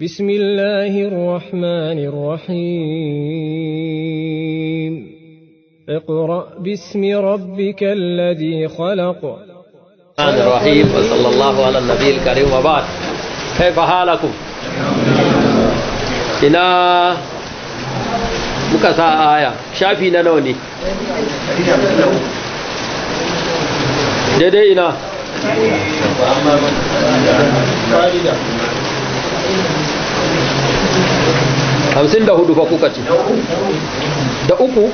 بسم الله الرحمن الرحيم اقرأ باسم ربك الذي خلق الرحمن الرحيم وصلى الله على النبي الكريم وبعد كيف حالكم هنا مكسا آية شافينا نوني na hamsin da hudu fa kuka ci da uku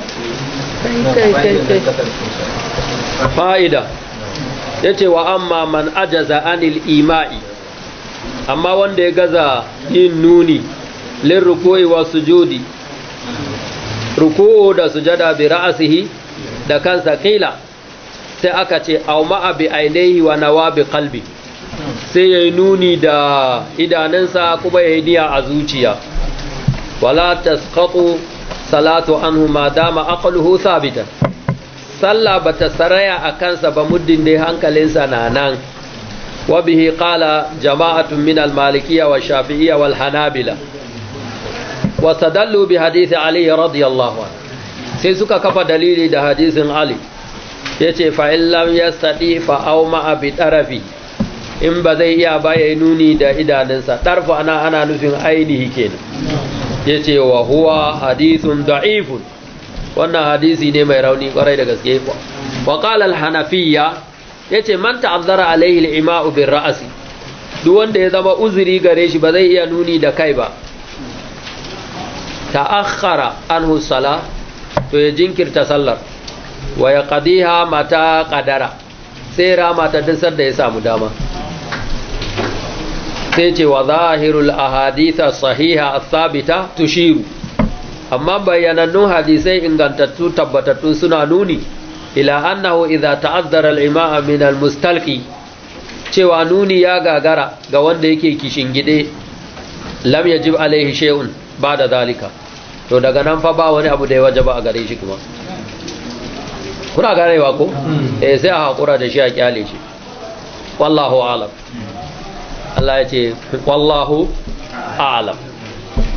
fa'ida yace wa amma man ajaza anil ima'i amma wanda ya gaza yin nuni lin rukoi wa sujudi ruku'u da sujada bi ra'asihi da kansa kila sai aka ce au ma'a bi ainihi wa nawa bi kalbi sai ya yi nuni da idanunsa kuma ya yi niya a zuciya wala tasqatu salatu anhu ma dama aqluhu sabita salla bata saraya a kansa ba muddin dai hankalinsa na nan wa bihi qala jama'atun min al-malikiyya wa shafi'iyya wal hanabila wa ali radiyallahu sai suka kafa dalili da hadisin ali yace fa in lam yastati fa awma bi tarafi in ba zai iya ba yayi nuni da idanunsa tarfa ana ana nufin ainihi kenan ya ce wa huwa hadithun da'ifun wannan hadisi ne mai rauni kwarai da gaske kuwa wa qala al-hanafiyya yace man ta'azzara alaihi al-ima'u bin ra'asi duk wanda ya zama uzuri gare shi ba zai iya nuni da kai ba ta'akhkhara anhu sala to ya jinkirta sallar wa ya qadiha mata qadara sai rama ta dusar da ya samu dama sai ce wa zahirul ahaditha sahiha asabita tushiru amma bayanannun hadisai ingantattu tabbatattu suna nuni ila annahu idza ta'azzara al-ima'a min al-mustalqi cewa nuni ya gagara ga wanda yake kishingide lam yajib alaihi shay'un ba'da zalika to daga nan fa ba wani abu da ya wajaba a gare shi kuma kuna ganewa ko hmm. eh sai a hakura da shi a kyale shi wallahu a'lam Allah ya ce wallahu a'lam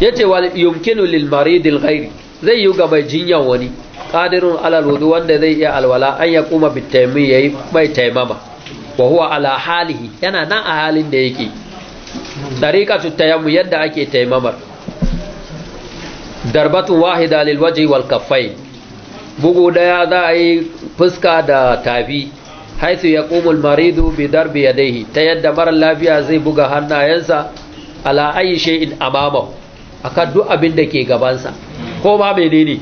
yace wal yumkinu lil al ghairi zai yi ga mai jinyan wani qadirun ala wudu wanda zai iya alwala an ya kuma bitaymi yayi mai taimama wa huwa ala halihi yana nan a halin da yake tariqatu tayammu yadda ake taimamar darbatu wahida lil wajhi wal kaffayn bugu daya za a yi fuska da tafi haithu ya kumul maridu bi darbi yadaihi ta yadda mara lafiya zai buga hannayensa ala ayi shay'in a akan duk abin da ke gabansa ko ma menene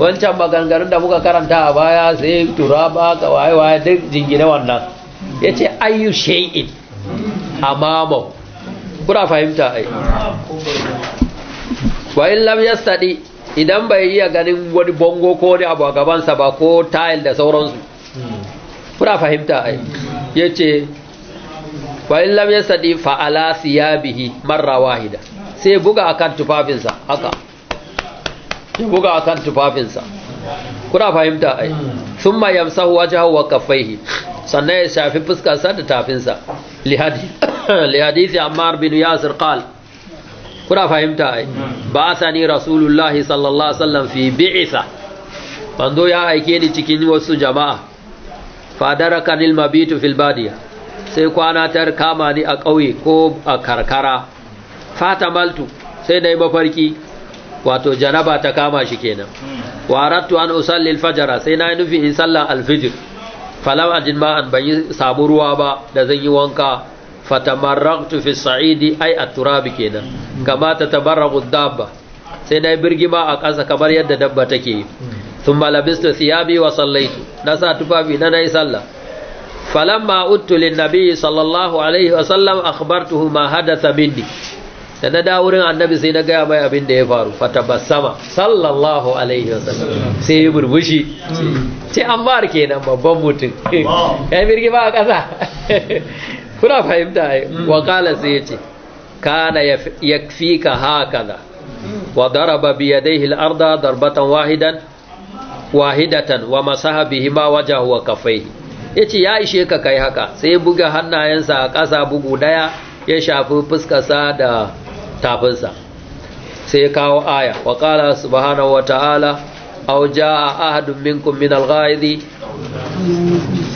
wancan maganganun da muka karanta a baya sai turaba ka waye-waye duk jingine wannan ya ce ayu shay'in amamau kuna fahimta ai wa in lam yastadi idan bai iya ganin wani bongo ko wani abu a gabansa ba ko tile da sauransu kuna fahimta ai yace wa in lam yasadi fa ala siyabihi marra wahida sai buga akan tufafinsa haka ya buga akan tufafinsa kuna fahimta ai thumma yamsahu wajhahu wa kaffaihi sannan ya shafi fuskarsa da tafinsa li hadisi ammar bin yasir qal kuna fahimta ai ba sani rasulullahi sallallahu alaihi wasallam fi bi'isa bando ya aike ni cikin wasu jama'a fadara kanil mabitu fil badiya sai kwana ta kama ni a ƙauye ko a karkara fata maltu sai na mafarki wato janaba ta kama shi kenan warattu an usalli fajara. sai na yi nufi in sallan alfijir falam ajin ma'an ban yi samu ruwa ba da zan yi wanka fatamarraqtu fi sa'idi ai at-turabi kenan ta tatabarraqu dabba sai na yi birgima a ƙasa kamar yadda dabba take sun labistu thiyabi wa sallaitu na sa tufafi na nayi sallah falamma uttu lin nabi sallallahu alaihi wasallam akhbartuhu ma hadatha minni da na dawo wurin annabi sai na gaya mai abin da ya faru fatabassama sallallahu alaihi wa sallam. sai ya burbushi ce an bar kenan babban mutum ya yi birgi ba a ƙasa kuna fahimta ya hmm. wakala sai ya ce kana ya fi ka haka da wa daraba biyadaihi al'arda darbatan wahidan wahidatan wa masaha bihima wajahu wa kafaihi yace ya ishe ka kai haka sai buga hannayensa a ƙasa bugu daya ya shafi fuskarsa da tafinsa sai kawo aya wa qala subhanahu wa ta'ala aw jaa ahadun minkum min al-ghaidi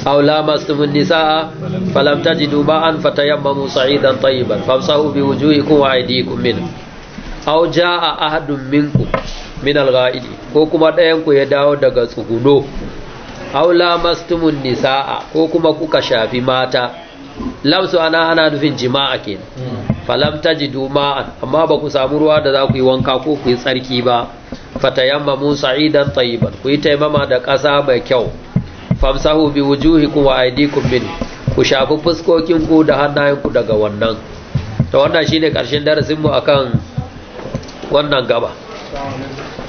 aw lamastum an-nisaa falam tajidu ma'an fatayammamu sa'idan tayyiban famsahu biwujuhikum wa aydikum minhu aw jaa ahadun minkum min al ko kuma ɗayan ku ya dawo daga tsuguno aw lamastumun nisaa ko kuma kuka shafi mata lamsu ana ana nufin jima'a kenan hmm. falam tajidu ma'an amma ba ku samu ruwa da za ku yi wanka ko ku yi tsarki ba fatayammamu sa'idan tayyiban ku yi taimama da ƙasa mai kyau famsahu bi wujuhikum wa aydikum min ku shafi fuskokin ku da hannayen ku daga wannan to wannan shine karshen darasin mu akan wannan gaba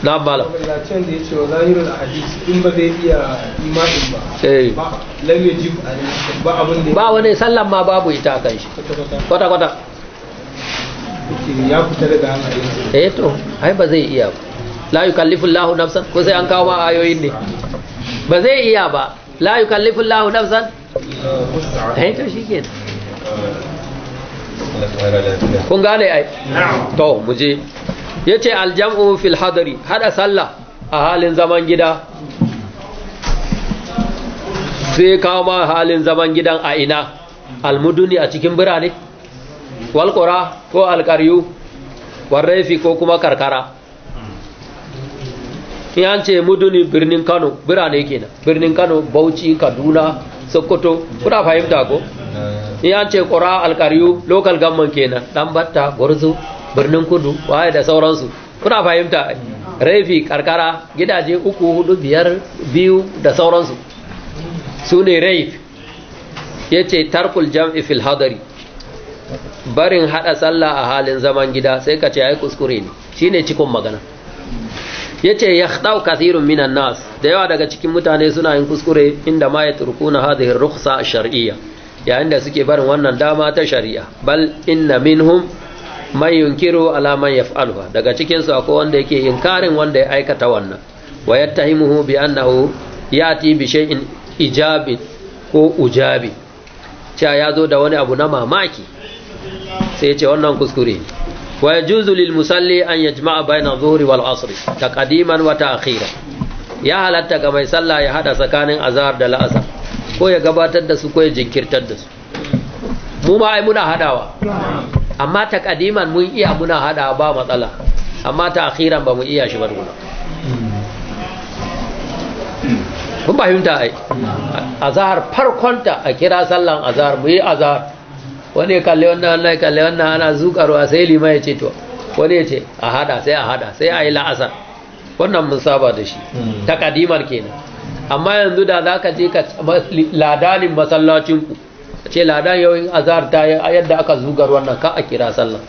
na malam da ya ce wa in ba zai iya imanin ba eh. ba abin da ba wani sallan ma babu ita kan shi kwata kwata ya fita daga hankalin eh to ai ba zai iya ba la yi kallifin lahu nafsan ko sai an kawo ma ayoyin ne ba zai iya ba la kallifin lahu nafsan eh, eh to shikenan kun gane ai to muje. ya ce aljam'u fil hadari haɗa sallah a halin zaman gida sai kawo ma halin zaman gidan a ina almuduni a cikin birane walƙura ko alƙaryu warrefi ko kuma karkara yan ce muduni birnin kano birane kenan birnin kano bauchi kaduna sokoto kuna fahimta ko yan ce ƙura alƙaryu lokal gamman kenan ɗan batta gwarzo birnin kudu waye da sauransu kuna fahimta rafi karkara gidaje uku hudu biyar biyu da sauransu su ne rafi ya ce tarkul jam'i fil hadari barin hada sallah a halin zaman gida sai ka ce ya yi kuskure ne shi ne cikin magana ya ce ya ɗau kasirun minan nas da yawa daga cikin mutane suna yin kuskure inda ma ya turku na hadihin ruksa shari'a yayin da suke barin wannan dama ta shari'a bal inna minhum man yunkiru ala man alfa. daga cikin su akwai wanda yake inkarin wanda ya aikata wannan wa yattahimuhu bi annahu yati bi shay'in ijabi ko ujabi cewa ya zo da wani abu na mamaki sai ce wannan kuskure wa yajuzu lil musalli an yajma'a bayanan dhuhri wal asr taqdiman wa ta'khira ya halatta ga mai sallah ya hada tsakanin azhar da la'asar ko ya gabatar da su ko ya jinkirtar da su mu ma ai muna hadawa amma takadiman mun iya muna hada ba matsala amma ta akhiran ba mu iya shi ba tukuna kun fahimta ai azhar farkonta a kira sallan azhar mu yi azhar wani kalle wannan wannan kalle wannan ana a sai lima ya ce to wani ya ce a hada sai a hada sai a yi la'asar wannan mun saba da shi hmm. takadimar kenan amma yanzu da za ka je ka ladanin masallacinku ce ladan yau in ta yadda aka zugar wannan ka a kira sallah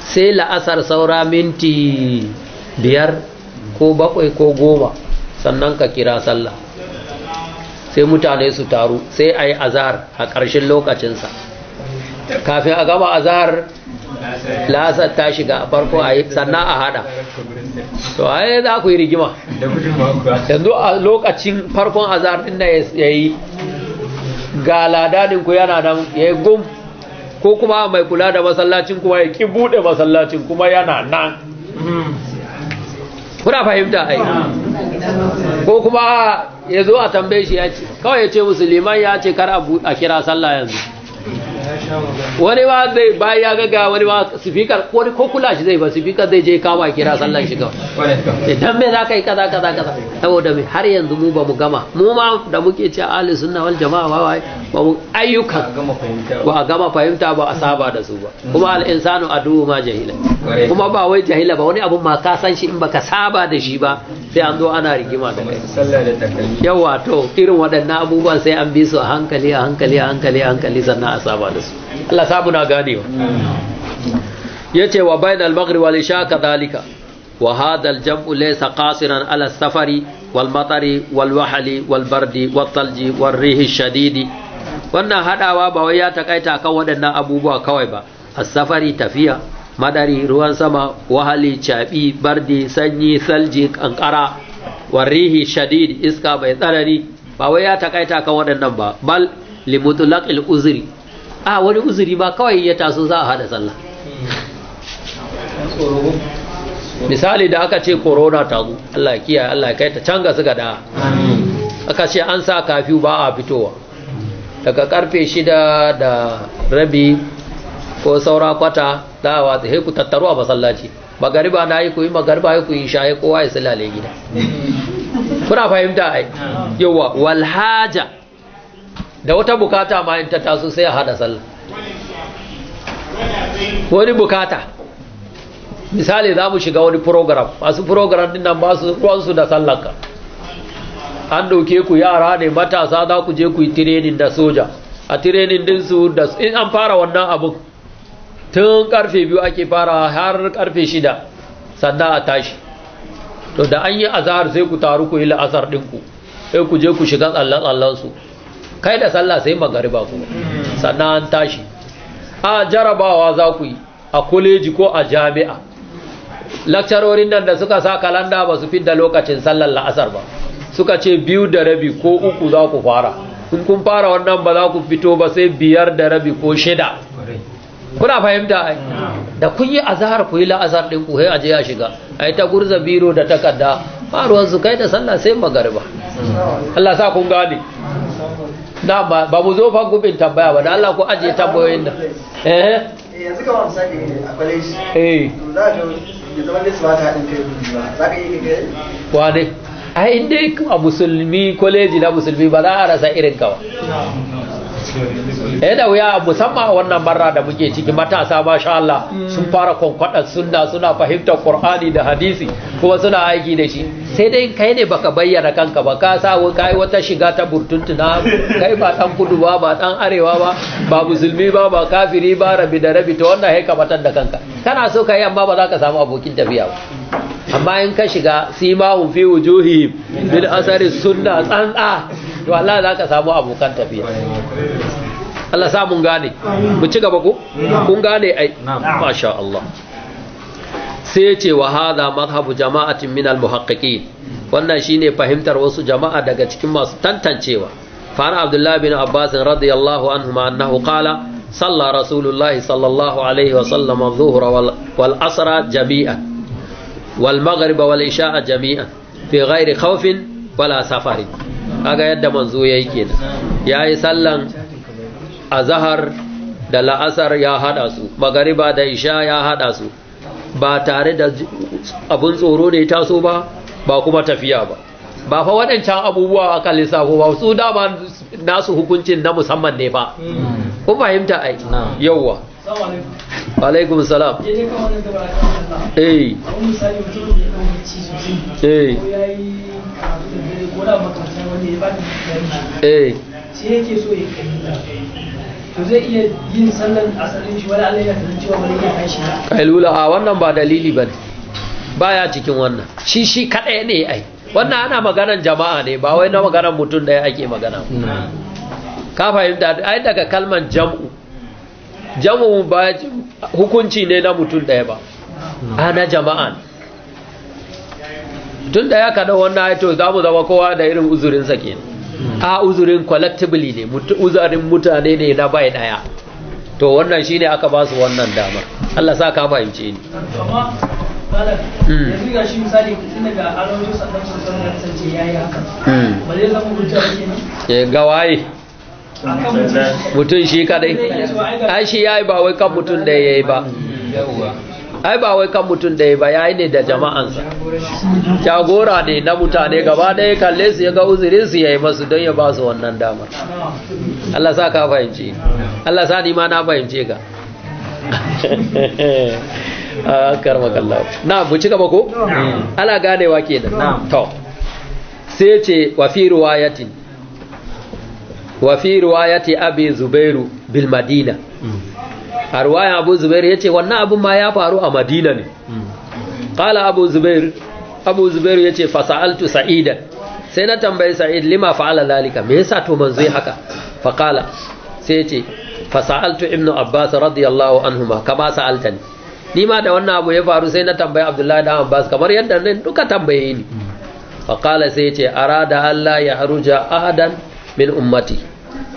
sai la'asar saura minti biyar ko bakwai ko goma sannan ka kira sallah sai mutane su taru sai a yi azar a ƙarshen lokacinsa kafin a gama azar la'asar ta shiga farko a yi sannan a hada to a yi za ku yi rigima yanzu a lokacin farkon azar ɗin da ya yi ga ladanin ku yana nan ya gum ko kuma mai kula da masallacin kuma ya ki bude masallacin kuma yana nan kuna fahimta ai ko kuma ya zo a tambaye shi ya ce kawai ya ce musulman ya ce kar a kira sallah yanzu wani ba zai bayan ya gaga wani ba sifikar ko kula shi zai ba sifikar zai je kama kira sallan shi kawai eh, dan me za ka yi kaza kaza kaza saboda me har yanzu mu ba mu gama mu ma da muke ce ahli sunna wal jama'a ba ba mu ayyuka ba a gama fahimta ba a saba da su ba kuma al insanu adu ma jahila kuma ba wai jahila ba wani abun ma ka san shi in baka saba da shi ba sai an zo ana rigima da kai yawa to irin waɗannan abubuwan sai an bi su a hankali a hankali a hankali a hankali sannan a saba da su Allah sabu na ganewa yace wa bainal maghrib wal isha dalika wa hadal jam'u laysa qasiran ala safari wal matari wal wahli wal bardi wal talji wal rihi shadidi wannan hadawa ba wai ya takaita kan waɗannan abubuwa kawai ba as-safari tafiya madari ruwan sama wahali caɓi bardi sanyi salji kankara warrihi shadidi, iska mai tsanani ba wai ya takaita kan waɗannan ba bal limutlaqil uzri a wani uzuri ba kawai ya taso za a hada sallah misali da aka ce korona ta zo Allah kiyaye Allah kai ta canga suka da aka ce an sa kafiyu ba a fitowa daga karfe shida da rabi ko saura kwata za a watsa haiku tattaru a masallaci magariba na yi ku yi magariba ya yi shaye kowa ya sallale gida kuna fahimta ai yawa walhaja da wata bukata ma in ta taso sai a hada sallah wani bukata misali za mu shiga wani program masu program din nan ba su ruwansu da sallanka an ɗauke ku yara ne matasa za ku je ku yi tirenin da soja a tirenin su da in an fara wannan abin tun karfe biyu ake fara har karfe shida sannan a tashi to da an yi azahar sai ku taru ku yi la'asar ɗinku sai ku je ku shiga tsalle su kai da sallah sai magariba kuma sannan an tashi a jarabawa za ku yi a kwaleji ko a jami'a lakcarorin nan da suka sa kalanda ba su fidda lokacin sallar la'asar ba suka ce biyu da rabi ko uku za ku fara in kun fara wannan ba za ku fito ba sai biyar da rabi ko shida kuna fahimta ai da kun yi azhar ku yi la'asar din ku sai a je a shiga ai ta gurza biro da takarda faruwar su kai da sallah sai magariba Allah sa kun gane na ba ba mu zo fa gubin tambaya ba da Allah ko aje tambayoyin da eh eh yanzu ka wani sani a kwaleji eh to da ka ya zama ne su ba ta hadin kai ba za ka yi kai wa dai ai dai a musulmi kwaleji na musulmi ba za a rasa irin kawa eh da wuya musamman a wannan barra da muke ciki matasa ba sha Allah sun fara kwankwadar sunna suna fahimtar Qur'ani da hadisi kuma suna aiki da shi sai dai kai ne baka bayyana kanka ba ka sa kai wata shiga ta burtuntuna kai ba dan kudu ba ba dan arewa ba ba musulmi ba ba kafiri ba rabi da rabi to wannan hai kamatar da kanka kana so kai amma ba za ka samu abokin tafiya ba amma in ka shiga simahum fi wujuhi bil asari sunna tsantsa to Allah za ka samu abokan tafiya Allah sa mun gane mu ci gaba ko kun gane ai masha Allah sai ya ce wa hadha madhhabu jama'atin min al-muhaqqiqin wannan shine fahimtar wasu jama'a daga cikin masu tantancewa fara abdullahi bin abbas radiyallahu anhu ma annahu qala صلى رسول الله صلى الله عليه وسلم الظهر والعصر جميعا والمغرب والعشاء جميعا في غير خوف ولا سفر kaga yadda manzo ya yayi kenan yi sallan azhar da la'asar ya hada su magariba da isha ya hada su ba tare da abun tsoro ne ya taso ba ba kuma tafiya ba ba fa waɗancan abubuwa aka lissafo ba su dama nasu hukuncin na musamman ne ba kun fahimta ai yawwa alaikum salam eh eh wanda ba ba eh. kailula a wannan ba dalili bane baya cikin wannan shi shi kadai ne ai wannan ana maganan jama'a ne ba wai na maganan mutum ɗaya ake magana ka fahimta ai daga kalman jam'u jam'u ba hukunci ne na mutum ɗaya ba a jama'a ne tun da ya kaɗa wannan haito za mu zama kowa da irin uzurinsa ke hmm. a uzurin collectively ne uzurin mutane ne na bai ɗaya to wannan shine aka ba su wannan damar Allah sa ka fahimce ni hmm. ya hmm. mutum shi kadai ai shi ya yi ba wai kan mutum da ya yi ba ai ba wai kan mutum ɗaya ba yayi ne da jama'ansa jagora ne na mutane gaba ɗaya kalle su ya ga uzurin su yayi masu don ya ba su wannan damar Allah sa ka fahimci Allah sa ni ma na fahimce ka a ah, karmakallah na bu ci gaba ko ana ganewa kenan to sai ce wa fi riwayati wa fi riwayati abi zubairu bil madina mm. a ruwayan abu zubair ya ce wannan abin ma ya faru a madina ne ƙala abu zubair abu zubair ya ce fasa'altu sa'idan sai na tambayi sa'id lima fa'ala lalika me yasa to manzo haka faƙala sai ya ce fasa'altu ibnu abbas radiyallahu anhuma kama sa'altani ni ma da wannan abu ya faru sai na tambayi abdullahi dan abbas kamar yadda ne duka tambaye ni faƙala sai ya ce arada allah ya haruja ahadan min ummati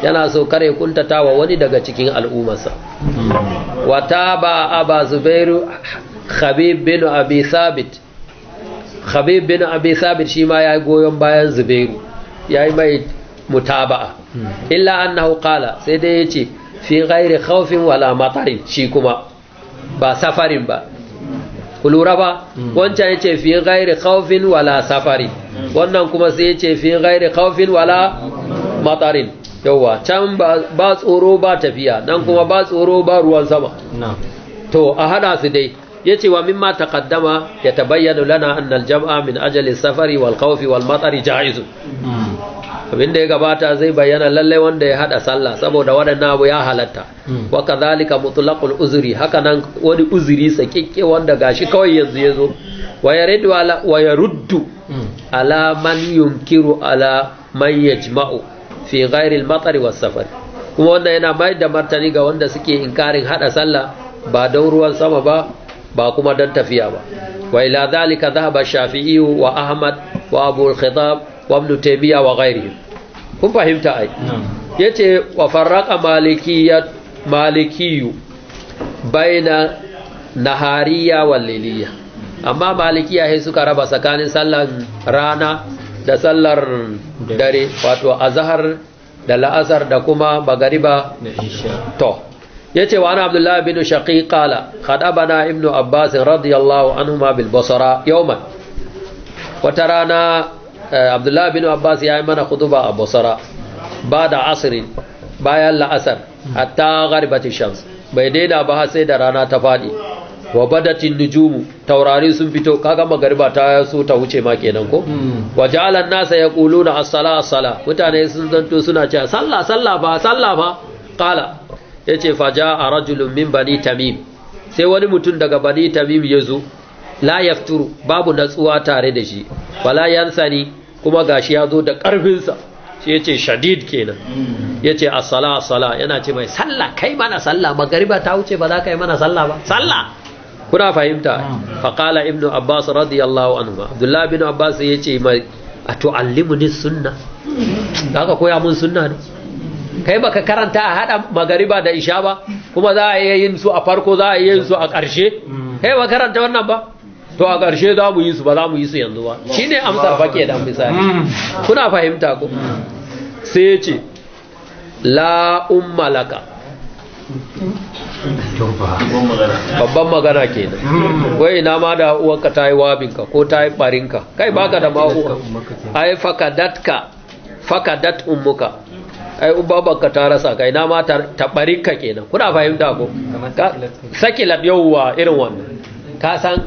yana so kare kuntatawa wani daga cikin al'ummarsa wataba aba zubairu khabib bin abi thabit khabib bin abi thabit shi ma ya goyon bayan zubairu ya yi mai mutaba'a illa annahu qala sai dai yace fi ghairi khawfin wala matarin shi kuma ba safarin ba kulura ba wancan yace fi ghairi khawfin wala safari wannan kuma sai yace fi ghairi khawfin wala matarin mm -hmm. yauwa can ba tsoro ba tafiya nan kuma ba tsoro ba ruwan sama to a hada su dai ya ce wa mimma takaddama ya ta tabayyana lana annal jama'a min ajalin safari wal kawfi wal matsari ja'izu hmm. abinda ya gabata zai bayyana lallai wanda ya hada sallah saboda waɗannan abu ya halatta hmm. wa zalika mutulakul uzuri haka nan wani uzuri sakikke wanda gashi kawai yanzu ya zo wa ya ala hmm. ala man yunkiru ala man yajma'u fi ghairil matsari was safar kuma wannan yana mai da martani ga wanda suke inkarin hada sallah ba don ruwan sama ba ba kuma dan tafiya ba wa ila zalika dhahaba shafi'i wa ahmad wa abu al-khitab wa ibn taymiya wa kun fahimta ai yace wa farraqa malikiyya malikiyu baina nahariya wal liliya amma malikiya sai suka raba tsakanin sallan rana da sallar dare wato azhar da la'asar da kuma magariba to yace wa ana abdullahi bin shaqi qala khadabana ibnu abbas radiyallahu anhuma bil basra yawman wata rana abdullahi bin abbas ya yi mana khutba a basra bada da asri bayan la'asar hatta gharibati shams bai daina ba sai da rana ta fadi wa badatin nujumu taurari sun fito kaga magariba ta so ta wuce ma kenan ko hmm. wa ja'alan nasa yaquluna as-sala as-sala mutane sun zanto suna cewa sallah sallah ba sallah ba qala yace fa ja'a rajulun min bani tamim sai wani mutum daga bani tamim ya la yafturu babu natsuwa tare da shi wala yansani kuma gashi ya zo da karfin sa shi yace shadid kenan hmm. yace as-sala as yana ce mai sallah kai mana sallah magariba ta wuce ba za ka yi mana sallah ba sallah kuna fahimta faƙala ibnu abbas radiyallahu anhu abdullahi bin abbas ya ce mai a ni sunna da aka koya mun sunna ne kai baka karanta a hada magariba da isha ba kuma za a iya yin su a farko za a iya yin su a ƙarshe kai ba karanta wannan ba to a ƙarshe za mu yi su ba za mu yi su yanzu ba shine amsar fake da misali kuna fahimta ko sai ya ce la ummalaka babban magana kenan wai ina ma da uwanka ta yi wabinka ko ta yi barinka kai baka da ma'uwa ai fakadatka fakadat a ai ubabanka ta rasa kai na ma ta barinka kenan kuna fahimta ko saki yawwa irin wannan ka san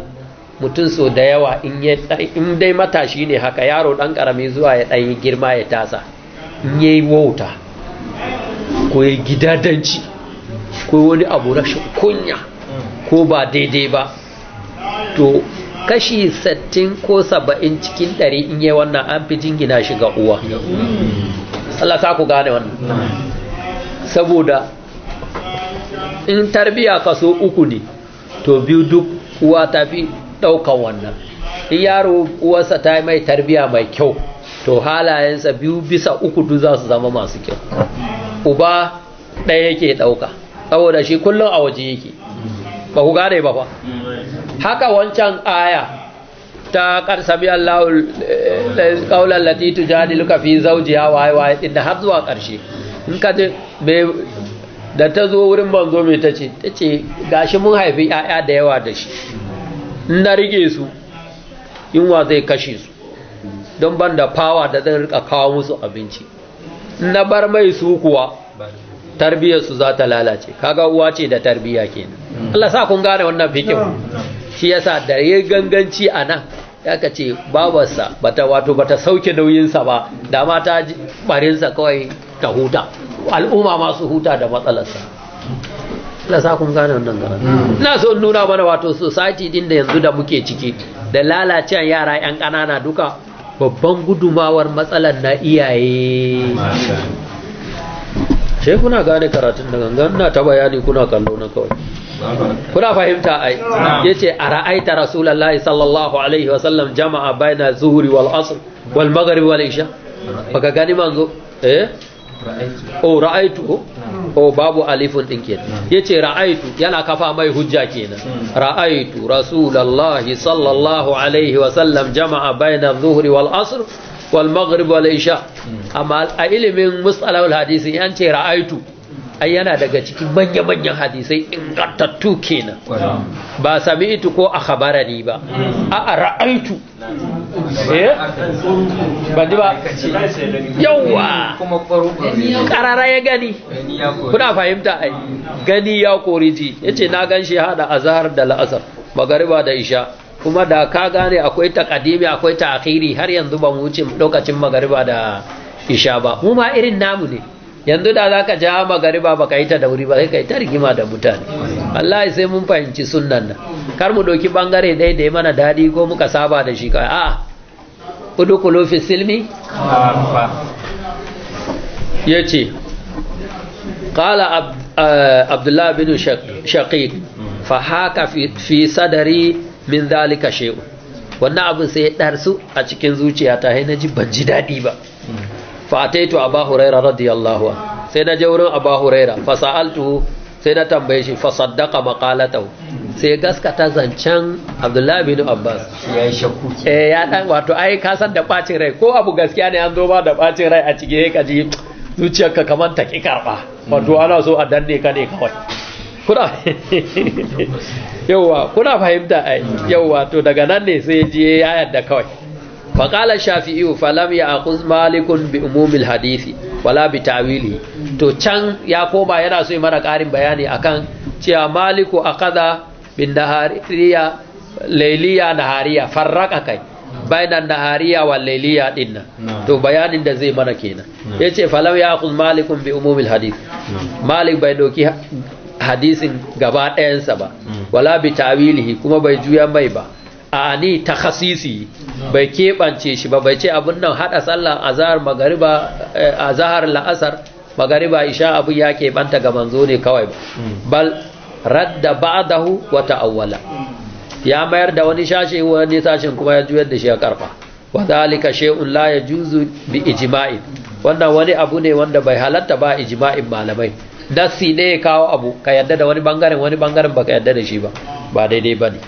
mutum so da yawa in dai matashi ne haka yaro dan karami zuwa ya dan yi girma ya tasa in yi wauta ko ya gidadanci ko wani abu rashin kunya ko ba daidai ba to kashi 60 ko saba'in cikin 100 in yi wannan an fi jingina shi ga uwa Allah sa ku gane wannan saboda in tarbiya kaso uku ne to biyu duk uwa ta fi ɗaukan wannan in yaro uwarsa ta yi mai tarbiya mai kyau to halayensa biyu bisa uku duk za su zama masu kyau uba ɗaya yake ɗauka saboda shi kullum a waje yake ba ku gane ba fa haka wancan aya ta karsami Allahul kaular latitu luka fi zaujiya waye waye inda har zuwa karshe in ka ji da ta zo wurin manzo mai ta ce gashi mun haifi 'ya'ya da yawa da shi in na rike su yunwa zai kashe su don ban da fawa da zai rika kawo musu abinci na bar mai su kuwa tarbiyarsu za ta lalace kaga uwa ce da tarbiya kenan Allah sa kun gane wannan fikin shi yasa da ya ganganci a nan ka ce babarsa bata wato bata sauke nauyinsa ba da mata barinsa kawai ta huta al'umma masu huta da matsalarsa Allah sa kun gane wannan gaba hmm. ina so in nuna mana wato society din da yanzu da muke ciki da lalacen yara yan ƙanana duka babban gudumawar matsalar na iyaye sai kuna gane karatun da gangan na ta bayani kuna kallo na kawai kuna fahimta ai ce a ra'aita Rasulallah sallallahu alaihi wa sallam jama'a baina zuhuri wal asr wal maghrib wal isha baka gani manzo eh o ra'aitu oh, o oh, babu alifun din kenan ce ra'aitu yana kafa mai hujja kenan hmm. ra'aitu Rasulallah sallallahu alaihi wa sallam jama'a baina zuhuri wal asr wal maghrib wal isha amma a ilimin musalahul hadisi an ce ra'aitu ai yana daga cikin manya-manyan hadisai ingantattu kenan ba sami'tu ko a khabarani ba a a ra'aitu eh? ba ji ba yawa karara ya gani kuna fahimta ai gani ya ji yace na ganshi hada azhar da la'asar magariba da isha kuma da ka gane akwai takadimi akwai ta'khiri har yanzu ba mu wuce lokacin magariba da isha ba mu ma irin namu ne yanzu da zaka ja magariba ba ka yi ta dauri ba sai ka yi ta rigima da mutane wallahi sai mun fahimci sunnan nan kar mu doki bangare dai da ya mana daɗi ko muka saba da shi kawai a'a udukulu fi silmi ya ce eh, abdullahi bin shaqiq fa haka fi sadari min zalika shay'u wannan abin sai ya darsu a cikin zuciya zuciyata sai naji ban ji dadi ba fa ataitu aba huraira radiyallahu sai na je wurin aba huraira fa sa'altuhu sai na tambaye shi fa saddaqa maqalatahu sai gaskata zancen abdullahi bin abbas ya yi shakku eh ya dan wato ai ka san da bacin rai ko abu gaskiya ne an zo ba da bacin rai a cike kaji zuciyarka kamar ta ki karba wato ana so a danne ka ne kawai kuna yauwa kuna fahimta ai yauwa to daga nan ne sai je ya yadda kawai qala shafi'i falam ya aquz malikun bi umumil hadisi wala bi tawili to can ya koma yana so mana ƙarin bayani akan cewa maliku aqada bin nahariya lailiya nahariya farraka kai bainan nahariya wal lailiya dinna to bayanin da zai mana kenan yace falam ya aquz malikun bi umumil hadisi malik bai doki hadisin gaba ɗayansa ba wala bi tawilihi kuma bai juya mai ba ni ta khasisi bai keɓance shi ba bai ce abun nan haɗa sallan zahar magariba eh, zahar la'asar magariba isha abu ya keɓanta ga manzo ne kawai ba bal radda ba'dahu wata ta'awwala ya mayar da wani shashi wani sashen kuma ya juyar da shi ya karfa wa zalika shay'un la yajuzu bi ijma'in wannan wani abu ne wanda bai halatta ba ijima'in malamai nassi ne ya kawo abu ka yadda da wani bangaren wani bangaren baka yadda da shi ba ba daidai ba ne.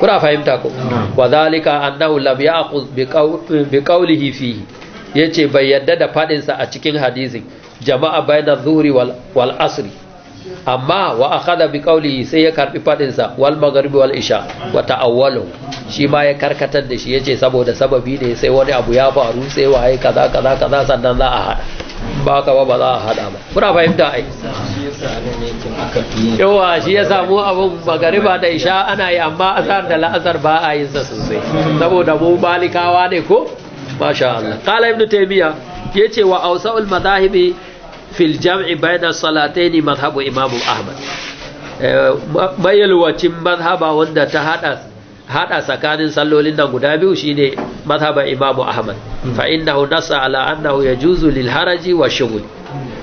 kuna fahimta ko wa zalika annahu lam ya'qud bi qawlihi fihi yace bai yadda da fadin sa a cikin hadisin jama'a bai zuhri wal, wal asiri. amma wa akhadha bi qawlihi sai ya karbi fadin sa wal maghribi wal isha wa ta'awwalu shi ma ya karkatar da shi yace saboda sababi ne sai wani abu ya faru sai waye kaza kaza kaza sannan za a hada ba ka ba ba za a haɗa ba kuna fahimta ai yawa shi ya samu abin magariba da isha ana yi amma azar da la'azar ba a yin sa sosai saboda mu malikawa ne ko masha Allah qala ibnu taymiya yace wa ausa'ul madahibi fil jam'i bayna salataini madhhabu imam ahmad bayyalwacin mazhaba wanda ta hada hada tsakanin sallolin nan guda biyu shine mazhaban imamu Ahmad fa innahu nasa ala annahu yajuzu lil haraji wa shughul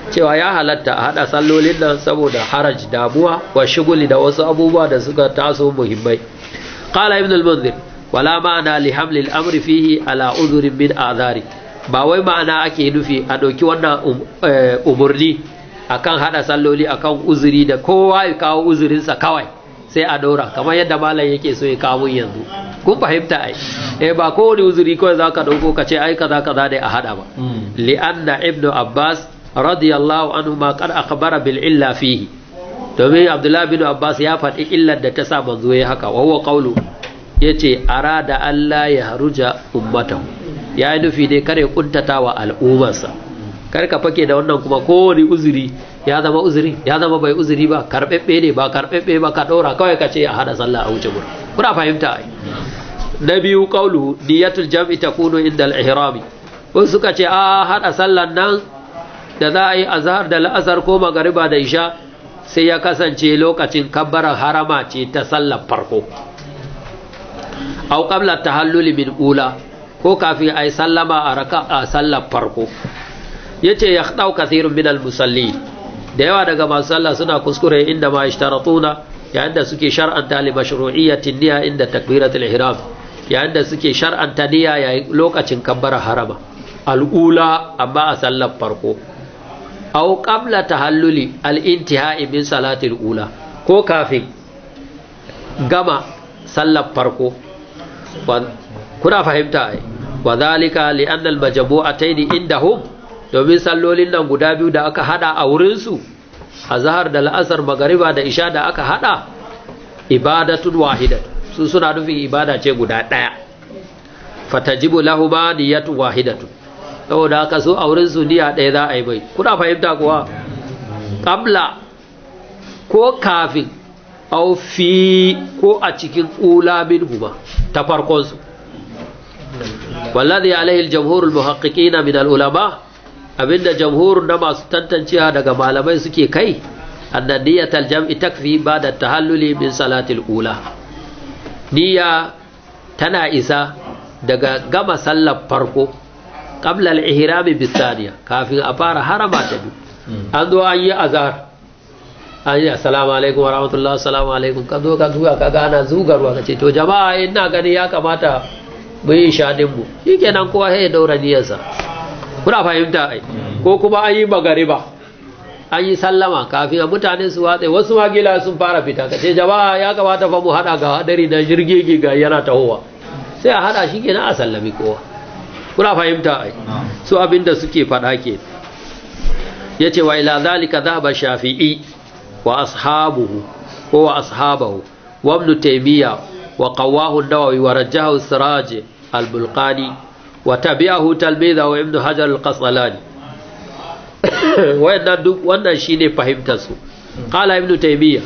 cewa ya halatta a hada sallolin nan saboda haraji damuwa wa shughuli da wasu abubuwa da suka taso muhimmai qala ibn al-munzir wala ma'ana li hamli al-amri fihi ala udhrin min azari, ba wai ma'ana ake nufi a ɗauki wannan um, eh, umurni akan hada salloli akan uzuri da kowa ya kawo uzurinsa kawai sai a ɗora kamar yadda malam yake so ya kawo yanzu kun fahimta ai eh ba kowane uzuri kawai za ka ɗauko ka ce ai kaza kaza dai a haɗa ba hmm. li'anna ibnu abbas radiyallahu anhu ma qad akhbara bil illa fihi domin abdullahi bin abbas ya faɗi illar da ta sa manzo ya haka wa huwa qawlu yace arada allah ya haruja ummatahu ya yi nufi dai kare kuntatawa al'ummarsa kar ka fake da wannan kuma kowane uzuri ya zama uzuri ya zama bai uzuri ba karɓaɓɓe ne ba karɓaɓɓe ba ka ɗora kawai ka ce a hada sallah a wuce gurin kuna fahimta ai na biyu kaulu niyatul jam'i takunu inda al-ihram wasu suka ce a hada sallan nan da za a yi azhar da la'asar ko magariba da isha sai ya kasance lokacin kabbarar harama ce ta sallar farko au qabla tahalluli min ula ko kafin ay sallama a raka a sallar farko yace ya ɗau kasirun minal musalli da yawa daga masu sallah suna kuskure inda ma ishtaratuna yayin da suke shar'anta li mashru'iyyatin niyya inda takbiratul ihram yayin da suke shar'anta niyya yayin lokacin kabbara harama al'ula amma a sallar farko aw qabla tahalluli al-intihai min salatil ula ko kafin gama sallar farko kuna fahimta ai wa dhalika li anna al indahum domin sallolin nan guda biyu da aka hada a wurinsu a zahar da la'asar magariba da isha da aka hada ibadatun wahidat su suna nufin ibada ce guda ɗaya fatajibu lahu ba niyatun wahidatun saboda aka so a wurinsu niyya ɗaya za a yi bai kuna fahimta kuwa ƙabla ko kafin au fi ko a cikin ƙula min huma ta farkonsu wallazi alaihi aljamhurul muhaqqiqina min alulama ulama abinda jamhur na masu tantancewa daga malamai suke kai annan niyyatal jam'i takfi ba da tahalluli min salatil ula niyya tana isa daga gama sallar farko qabla al-ihrami bisaniya kafin a fara harama ta bi an zo an yi azar. an yi assalamu alaikum wa rahmatullahi assalamu alaikum ka zo ka zuwa ka gana zugarwa ka ce to jama'a ina gani ya kamata mu yi shaɗin mu shikenan kowa ya daura niyyarsa kuna fahimta ai ko kuma an yi magariba an yi sallama kafin mutane su watse wasu magila sun fara fita ka ce jama'a ya kamata fa mu hada ga hadari na jirgigi ga yana tahowa sai a hada shi kenan a sallami kowa kuna fahimta ai su abinda suke fada ke yace wa ila zalika ba shafi'i wa ashabuhu ko wa ashabahu wa ibn taymiya wa qawahu an wa rajahu siraji al-bulqani وتابعه تلميذه وابن حجر القصلاني وان وان شيني فهمتس قال ابن تيميه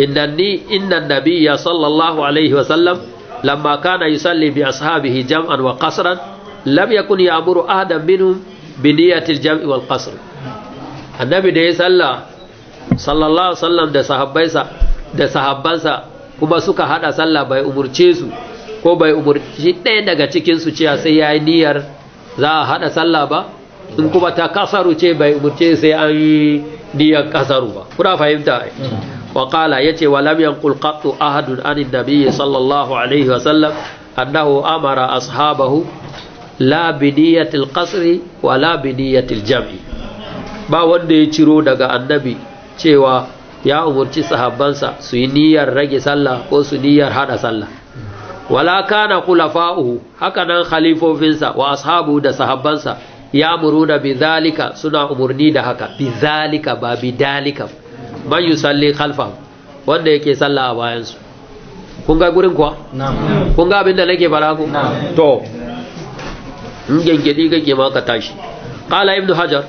انني ان النبي صلى الله عليه وسلم لما كان يصلي باصحابه جمعا وقصرا لم يكن يامر احدا منهم بنيه الجمع والقصر النبي دي صلى الله عليه وسلم ده صحابيسا ده صحابانسا كما سكا هذا صلى باي امور تشيسو ko bai umurci ɗaya daga cikinsu cewa sai ya yi niyyar za a haɗa sallah ba in kuma ta kasaru ce bai umurce sai an yi niyyar kasaru ba kuna fahimta wa qala yace wa lam yanqul qattu ahadun anin nabiyyi sallallahu alaihi wa sallam annahu amara ashabahu la bi niyyatil wa la jam'i ba wanda ya ciro daga annabi cewa ya umurci sahabbansa su yi niyyar rage sallah ko su niyyar hada sallah wala kana khulafa'uhu haka nan khalifofinsa wa ashabu da sahabbansa ya muruna bidhalika suna umurni da haka bidhalika ba bidalika man yusalli wanda yake sallah a bayan su kun ga gurin kuwa na'am kun ga abin da nake fara ku to in gengedi ma ka tashi qala ibnu hajar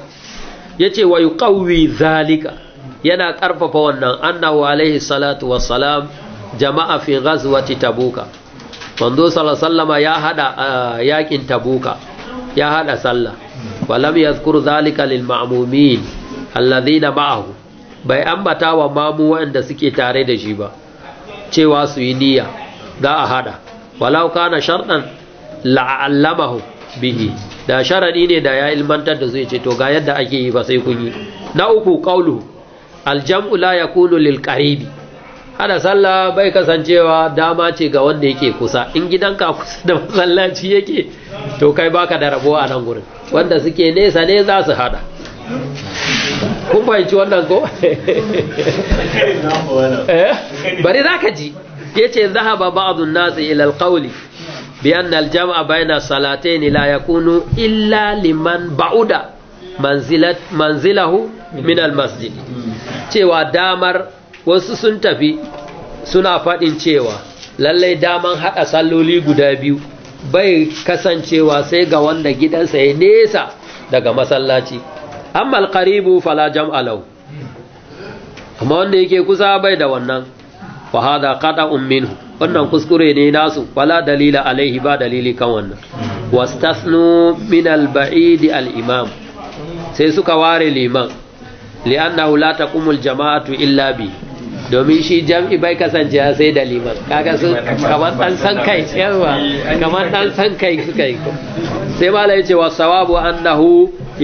yace wa yuqawwi yana karfafa wannan annahu alaihi salatu wassalam jama'a fi ghazwati tabuka manzo sallallahu ya hada ah, yakin tabuka ya hada sallah walam yadhkur zalika lil ma'mumin alladhina ma'ahu bai ambata wa mamu wanda suke tare da shi ba cewa su yi niyya za a hada walau kana shartan la'allamahu bihi da sharadi ne da ya ilmantar da zai ce to ga yadda ake yi ba sai kun yi na uku qawlu aljam'u la yakunu lil qaribi hada sallah bai kasancewa dama ce ga wanda yake kusa in gidanka kusa da masallaci yake to kai baka da rabo a nan gurin wanda suke nesa ne za su hada kun fahimci wannan ko eh? bari za ka ji yace zahaba ba'dun nasi ila alqawli bi anna aljam'a bayna salatayn la yakunu illa liman ba'uda manzilat manzilahu min masjid cewa damar wasu sun tafi suna faɗin cewa lallai daman haɗa salloli guda biyu bai kasancewa sai ga wanda gidansa ya nesa daga masallaci amma alqaribu fala jam'alau amma wanda yake kusa bai da wannan fa hada qata'un wannan kuskure ne nasu fala dalila alaihi ba dalili kan wannan wastasnu min alba'id al-imam sai suka ware liman li'annahu la taqumul jama'atu illa bihi domin shi jam'i bai kasancewa sai da liman kaga su kamar dan san kai yawa kamar dan san kai suka yi sai mala yace wa sawabu annahu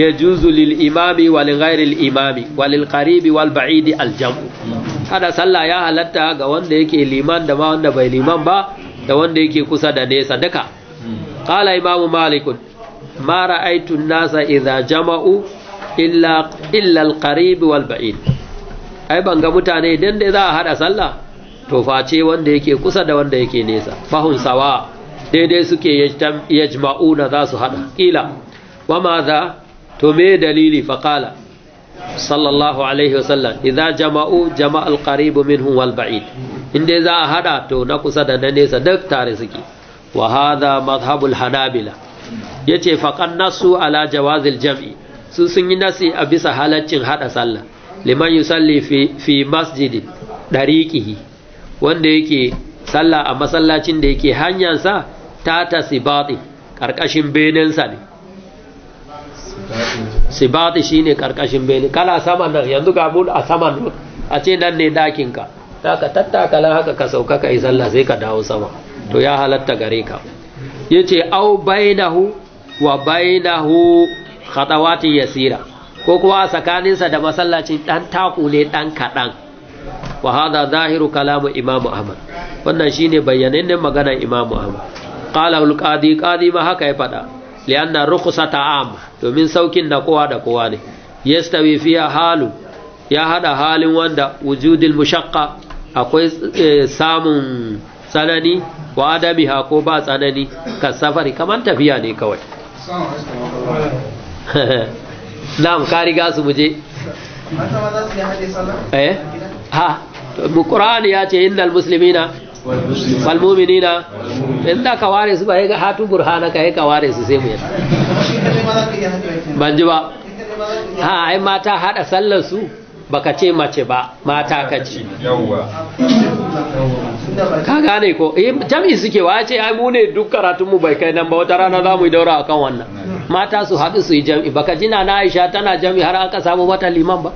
yajuzu lil imami wa lil ghairi al imami wa qaribi wal ba'idi al jam'u kada sallah ya halatta ga wanda yake liman da ma wanda bai liman ba da wanda yake kusa da nesa duka qala imamu malik ma ra'aytu an-nasa idha jama'u illa illa al qaribi wal ba'id ai ban ga mutane idan dai za a haɗa sallah to face wanda yake kusa da wanda yake nesa fahun sawa daidai suke yajma'una za su hada. ƙila wa ma za to me dalili faƙala sallallahu alaihi wasallam idza jama'u jama'al qaribu minhum wal ba'id inda za a haɗa to na kusa da na nesa duk tare suke wa hadha madhhabul hanabila yace faqan nasu ala jawazil jam'i su sun yi nasi a bisa halaccin haɗa sallah liman yusalli fi, fi masjidin dariqihi wanda yake sallah a masallacin da yake hanyarsa ta ta sibati karkashin benensa ne sibati shine karkashin benen. Kala saman nan yanzu ga a saman nan a ce nan ne dakin ka ka tattaka la haka ka sauka ka yi sallah sai ka dawo sama to ya halatta gare ka yace au bainahu wa bainahu khatawatin yasira ko kuwa tsakaninsa da masallaci ɗan taku ne ɗan kaɗan wa hada zahiru kalamu imamu ahmad wannan shine bayyanannen maganar imamu ahmad qala al qadi qadi ma haka ya faɗa lianna rukhsata am domin saukin da kowa da kowa ne yastawi fiya halu ya hada halin wanda wujudil mushaqqa akwai eh, samun tsanani wa adami ko ba tsanani kan safari kamar tafiya ne kawai na'am ka riga su muje eh ha qur'ani ya ce innal muslimina wal mu'minina in da ka ware su ba ga hatu burhana ka ka ware su sai mu yi ban ji ba ha ai mata hada sallar su baka ce mace ba mata ka ce ka gane ko eh jami'i suke wa ce ai mu ne duk karatun mu bai kai nan ba wata rana za mu yi daura akan wannan mata su haɗu su yi jami'i baka ji na Aisha tana jami'i har aka samu mata liman ba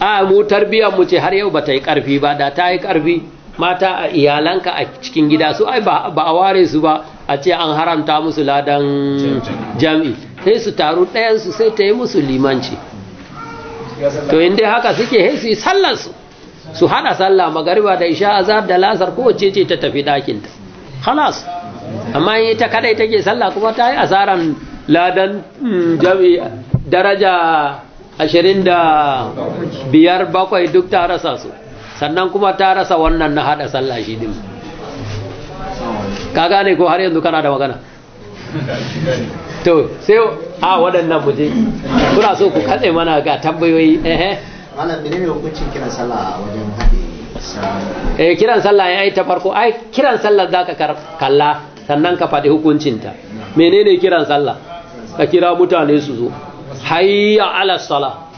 a mu tarbiyyar mu ce har yau bata yi karfi ba da ta yi karfi mata a iyalanka a cikin gida su ai ba a ware su ba a ce an haramta musu ladan jami'i sai su taru su sai ta yi musu limanci to in dai haka suke he su yi sallarsu su hana sallah magariba da isha azab da lasar kowace ce ta tafi ɗakinta halas amma in ta kadai take sallah kuma ta yi asaran ladan mm, jami daraja ashirin da biyar bakwai duk ta rasa su sannan kuma ta rasa wannan na haɗa sallah shi din ka gane ko har yanzu kana da magana to sai a waɗannan muje kuna so ku katse mana ga tambayoyi ehe hukuncin kiran sallah wajen haɗe eh kiran sallah ya yi ta farko ai kiran sallah zaka kalla sannan ka faɗi hukuncinta menene kiran sallah ka kira mutane su zo hayya ala sala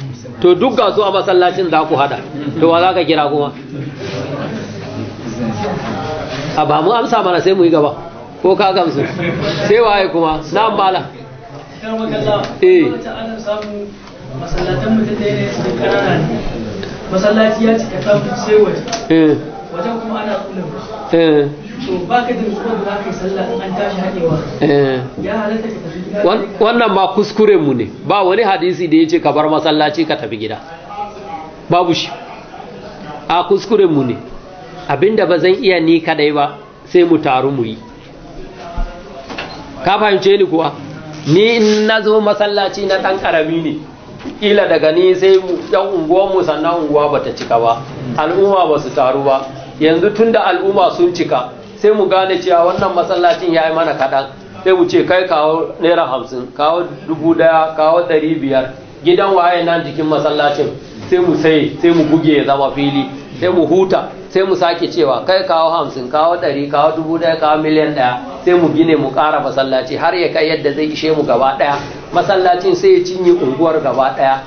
to duk ga su a masallacin za ku hada to wa za ka kira kuma a ba mu amsa mana sai mu yi gaba ko ka gamsu sai waye kuma na mala Eh. masallaci ya cika eh. wajen kuma ana eh. wannan ba kuskure mu ne ba wani hadisi da ya ce ka bar masallaci ka tafi gida babu shi a kuskure mu ne abinda ba zan iya ni kadai ba sai mu taru mu yi ka fahimce ni kuwa ni in na zo masallaci na ɗan ƙarami ne ƙila daga ni sai ɗan unguwanmu sannan unguwa ba ta cika ba al'umma ba su taru ba yanzu tun da al'umma sun cika sai mu gane cewa wannan masallacin ya yi mana kaɗan sai mu ce kai kawo naira hamsin kawo dubu daya kawo ɗari biyar gidan waye nan jikin masallacin sai mu sai sai mu guge ya zama fili sai mu huta sai mu sake cewa kai kawo hamsin kawo ɗari kawo dubu ɗaya kawo miliyan ɗaya sai mu gine mu ƙara masallaci har ya kai yadda zai ishe mu gaba ɗaya masallacin sai ya cinye unguwar gaba ɗaya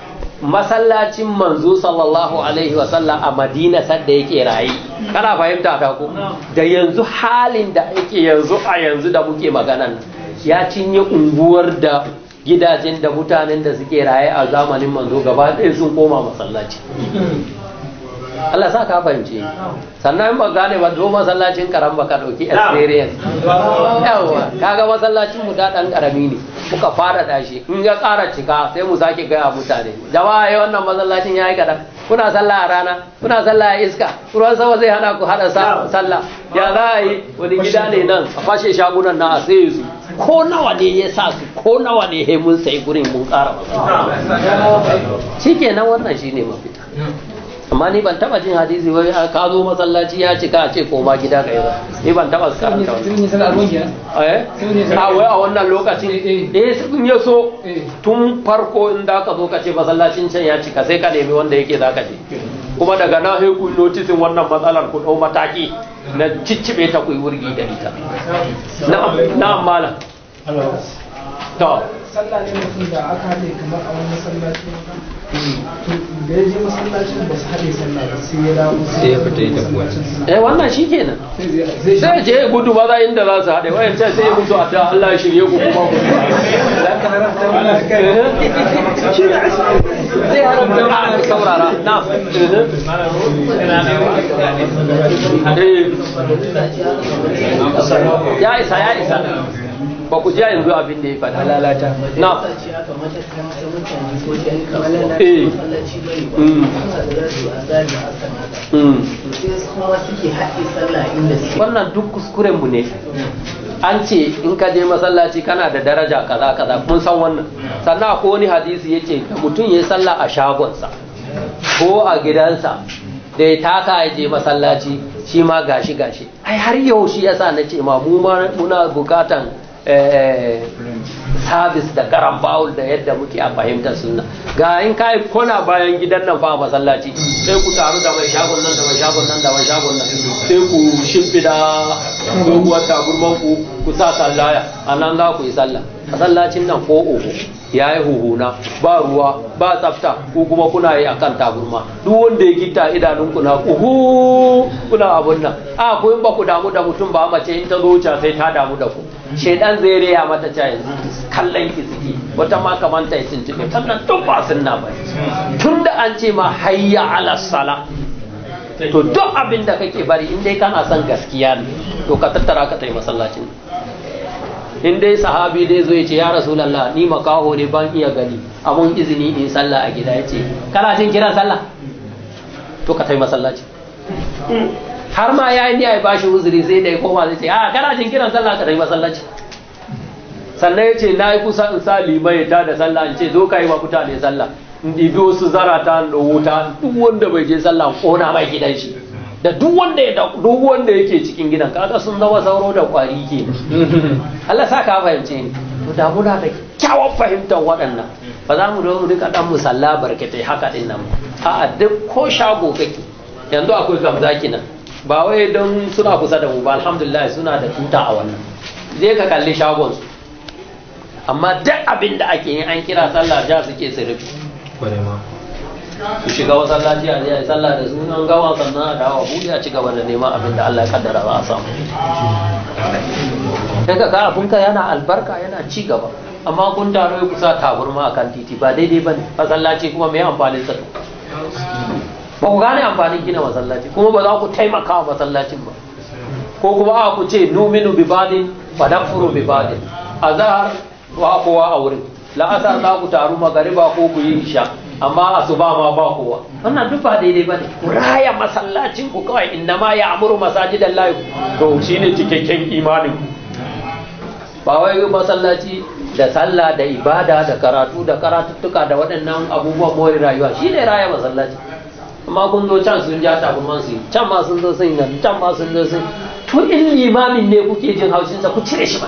masallacin manzo sallallahu alaihi wa sallam a madina sadda yake raye kana fahimta ta ko da yanzu halin da yake yanzu a yanzu da muke magana ya cinye unguwar da gidajen da mutanen da suke raye a zamanin manzo gaba ɗaya sun koma masallaci Allah sa ka fahimci sannan in ba gane ba zo masallacin karam ba ka ɗauki experience yawa kaga masallacin mu da ɗan karami ne muka fara shi in ya ƙara cika sai mu sake gaya mutane jama'a yawannan eh, wannan masallacin ya yi kaɗan kuna sallah a rana kuna sallah a iska ruwan sama zai hana ku haɗa sallah ya za yi wani gida ne nan a fashe shagunan na a sai su ko nawa ne ya sa su ko nawa ne he mun sai gurin mun ƙara masu shi kenan wannan shi ne mafita amma ni ban taba jin hadisi wai ah, ka zo masallaci ya cika a ce koma gida kai ba ni ban taba karanta a eh? ah, wai a wannan lokacin eh, eh. eh sun ya so tun farko in da ka zo ka ce masallacin can ya cika sai ka nemi wanda yake za ka je kuma daga na ku notisin wannan matsalar ku dau mataki na ciccibe ta ku yi wurgi da ita na'am na'am malam to sallah ne mutum da aka haɗe kamar a wani masallaci da ya je masallacin ba su haɗe sallah ba sai ya dawo sai ya fita ita kuwa eh wannan shi kenan sai je ya gudu ba za inda za su haɗe sai ya gudu a ta Allah ya shirye ku kuma ku eh? zai haramta saurara na eh. Eh. ya isa ya isa ba ku ji yanzu abin da ya faɗa lalata na eh. hmm. Hmm. wannan duk kuskuren mu ne an ce in ka je masallaci kana da daraja kaza kaza mun san wannan sannan akwai wani hadisi yace da mutum ya yi sallah a shagonsa ko a gidansa da ya taka ya je masallaci shi ma gashi gashi ai har yau shi yasa na ce ma mu muna bukatan Eh, sabis da garan baul da yadda muke a fahimtar sunna ga in ka kona bayan gidan nan fa masallaci sai ku taru da mai shagon nan da mai shagon nan da mai shagon nan sai ku shimfida doguwar taburman ku ku sa sallaya a nan za ku yi sallah masallacin nan ko oho ya yi huhuna ba ruwa ba tsafta ko kuma kuna yi akan taburma duk wanda ya gita idanunku na uhu kuna abun nan a ko ba ku damu da mutum ba mace in ta zo wuce sai ta damu da ku shedan zai reya mata ta yanzu kallon ki suke wata ma kamanta ya tuntube sannan tun ba sun na bari. tun da an ce ma hayya ala sala to duk abin da kake bari in dai kana son gaskiya ne to ka tattara ka tai masallacin in dai sahabi dai zo ya ce ya rasulallah ni makaho ne ban iya gani abun izini in sallah a gida ya ce kana cin kiran sallah to ka tafi masallaci har ma ya yi niyya ya bashi uzuri sai da ya koma zai ce a ah, kana cin kiran sallah ka tafi masallaci sannan ya ce na yi kusa in sa limai ya tada sallah in ce zo ka yi wa mutane sallah in ɗibi wasu zarata in ɗau wuta duk wanda bai je sallah kona mai gidan shi da duk wanda ya duk wanda yake cikin gidan kaga sun zama sauro da kwari ke Allah sa ka fahimce ni to da muna da kyawun fahimtar waɗannan ba za mu mu duka dan musalla barkatai haka din nan a duk ko shago kake yanzu akwai gamza kinan ba wai don suna kusa da mu ba alhamdulillah suna da tuta a wannan zai ka kalli shagon su amma duk abin da ake yi an kira sallah ja suke su ku shiga masallaci a je sallah da sunan gawa sannan a dawo buɗe a ci gaba da neman abin da Allah ya kaddara ba a samu sai ka ga abinka yana albarka yana ci gaba amma kun taro ku sa taburma akan titi ba daidai ba bane sallaci kuma mai amfanin sa ba ku gane amfanin gina masallaci kuma ba za ku taimaka wa masallacin ba ko kuma a ku ce numinu bi badin fa bi badin azhar wa wa a wurin la'asar za ku taru magariba ko ku yi isha amma a asuba ma ba kowa wannan duk ba daidai ne. ku raya masallacin ku kawai inna ma ya amuru masajidan lahi to shine cikakken imanin ba wai masallaci da sallah da ibada da karatu da karatuttuka da waɗannan abubuwan mori, rayuwa shine raya masallaci amma kun zo can sun ja takuman su can ma sun zo sun yi can ma sun zo sun to in limamin ne kuke jin haushinsa ku cire shi ba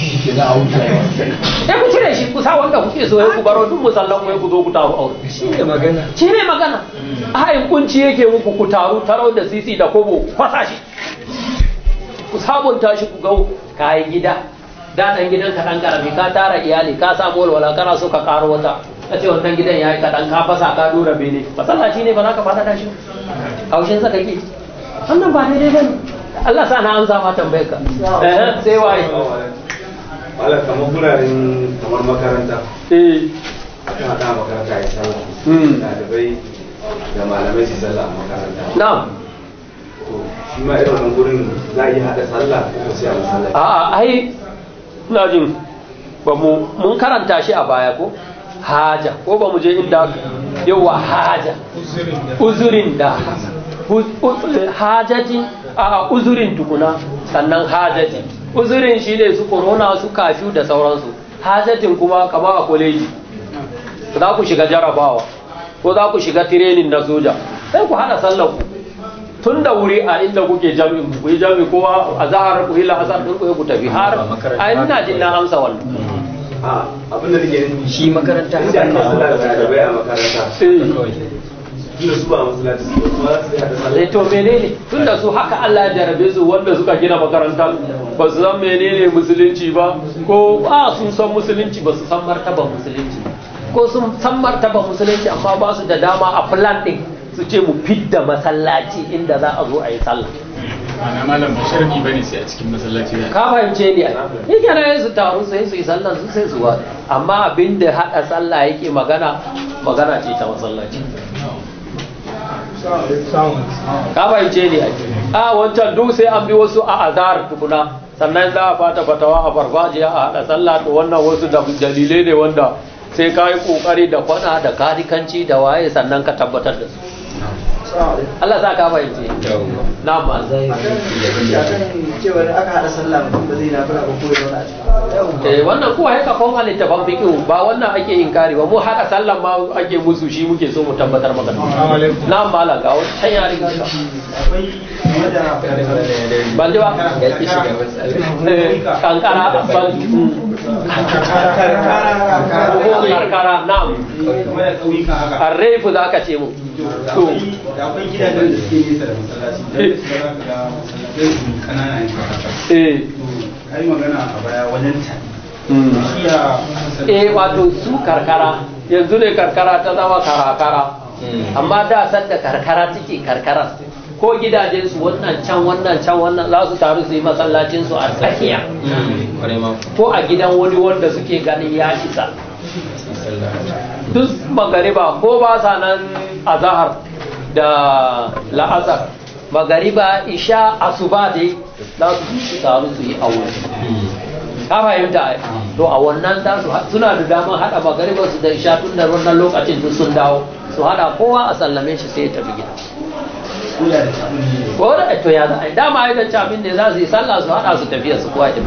shi na auta ya ku cire shi ku sa wanda kuke so ku baro duk musallan ku zo ku taru aure shi ne magana shi ne magana mm. hayin kunci yake muku ku taru tarau da sisi da kobo fasa shi ku sabunta shi ku ga kayan gida da dan gidan ka dan karami ka tara iyali ka samu walwala kana so ka karo wata ka ce wannan gidan yayi ka dan ka fasa ka dora bene masallaci ne ba za ka fada da shi haushin sa kake wannan ba daidai bane Allah sa na amsa ma tambayar ka eh, sai waye wala kamar guraren kamar makaranta eh aka haɗa makaranta ya sallah ɗalibai da malamai su sallah a makaranta na'am shi ma irin wannan gurin za a yi haɗa sallah ko sai a masallaci a'a ai ina jin ba mu mun karanta shi a baya ko haja ko ba mu je inda yawa haja ah, ah, uzurin da haja hajaji a uzurin tukuna sannan hajaji uzurin shi ne su korona su kafiyu da sauransu hazatin kuma kamar a kwaleji za ku shiga jarabawa ko za ku shiga tirenin na soja sai ku hana sallanku tun da wuri a inda kuke jami'in ku yi jami'in kowa a zahar ku yi la'asar ɗin ku ku tafi har a ina jin na amsa wannan abin da nake shi makaranta haka ne a makaranta eh. gina masallaci su ba su da sallah eh, to menene tunda su haka Allah ya jarabe su wanda suka gina makaranta ba su san menene musulunci ba ko ba sun san musulunci ba su san martaba musulunci ko sun san martaba musulunci amma ba su da dama a plan din su ce mu fidda masallaci inda za a zo a yi sallah ana malam ba bane sai a cikin masallaci ka fahimce ni ai yake na su taru sai su yi sallah su sai su wa amma abinda hada sallah yake magana magana ce ta masallaci ka fahimce ne a wancan duk sai an bi wasu a azahar tukuna sannan za a fata fatawa a farfajiya a haɗa sallah to wannan wasu dalilai ne wanda sai ka yi ƙoƙari da kwana da kadikanci da waye sannan ka tabbatar da su Allah sa ka fahimce na ma zai cewa da aka hada sallah ba zai na fara ba ko yana eh wannan kowa ya kafon halitta ban biki ba wannan ake inkari ba mu haka sallah ma ake musu shi muke so mu tabbatar maka na ma la ga wata ya riga ka ban da ba eh, kankara ban karkara na'am hmm. eh wato su karkara yanzu ne karkara ta zama karakara hmm. amma da sadda karkara take karkarar ko gidajensu wannan can wannan can wannan za su taru su yi masallacinsu a tsakiya ko a gidan wani wanda suke ganin ya isa duk magariba ko ba sa nan azahar da la'azar magariba isha asuba dai za su taru su yi aure ka fahimta to a wannan za su suna da damar haɗa magariba su da isha tun da wannan lokacin duk sun dawo su haɗa kowa a sallame shi sai ya tafi gida ko da to ya za dama ai da abin da za su yi sallah su hada su tafiya su kuwa din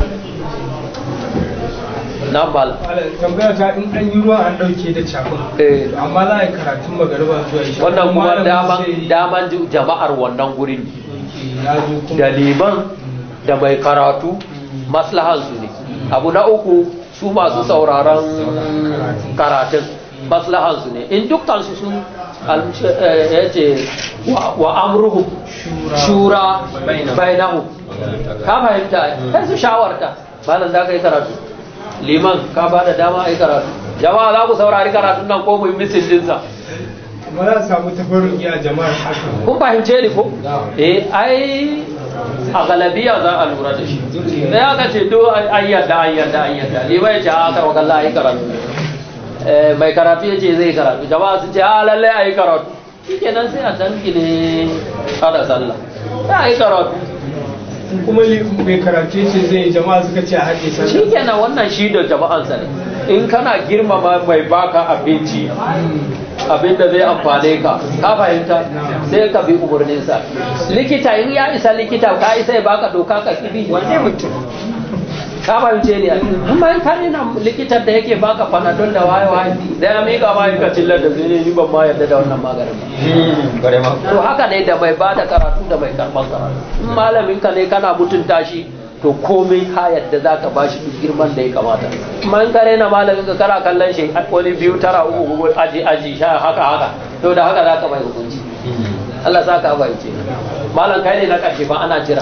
na bal tambaya ta in an yi ruwa an dauke da cafin eh amma za a yi karatun magariba zuwa isha wannan kuma daman daman jama'ar wannan gurin Daliban, da mai karatu maslahan su ne abu na uku su masu sauraron karatun maslahansu ne in su sun eh, eh, yace wa amruhu shura bainahu ka fahimta kai su shawarta malam da ka yi karatu liman ka ba da dama a yi karatu jama'a za ku saurari karatun nan ko mu yi misin samu tafarruki a jama'ar haka kun fahimce ni ko eh ai a galabiya za a lura da shi sai aka ce to ayyada yadda ayyada yadda yadda liman ya ce a aka kalla a yi karatu Eh, mai karatu ya ce zai karatu jama'a su ce a ah, lalle a yi karatu shi nan sai a tankile kada sallah sai a yi karatu kuma mai karatu ya ce zai jama'a suka ce a haɗe sallah shi kenan wannan shi da jama'ansa ne in kana girmama mai baka abinci abin da zai amfane ka ka fahimta sai ka bi umarninsa likita in ya isa likita ka isa ya baka doka ka kibi wanda mutum ka ce ne amma in kare na likitar da yake baka panadol da waye waye da ya mika ma ka cillar da zai ni ban ma yarda da wannan maganin ba hmm, to haka ne da mai bada karatu da mai karban karatu malamin ka ne kana mutunta shi to komai ka yadda za ka bashi duk girman da ya kamata amma in kare na malamin ka kana kallon shi wani biyu tara uku uku aji aji sha haka haka to da haka za ka bai hukunci hmm. Allah sa ka bai ce malam kai ne na ƙarshe ba ana jira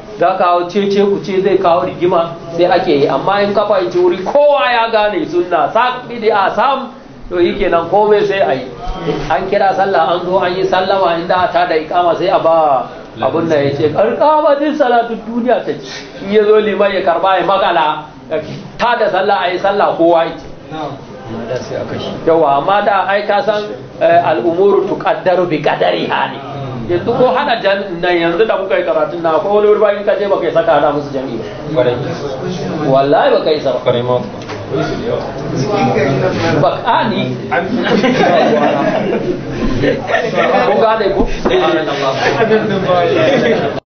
za kawo cece ku ce zai kawo rigima sai ake yi amma in kafa yi wuri kowa ya gane sunna sak a sam to yi kenan komai sai a yi an kira sallah an zo an yi sallama inda a tada ikama sai a ba abun da ya ce karkamatin salatu duniya ta ci in zo liman ya karba ya makala ta da sallah a yi sallah kowa ya yawa amma da ai ka san eh, al'umuru tuqaddaru bi kadari ne yanzu ko hana jami'in nan yanzu da kuka yi karatun na ko wani wuri bayan kaje baka yi saka ana musu jami'i ba wallahi baka yi sa ba ni ko ga gane ko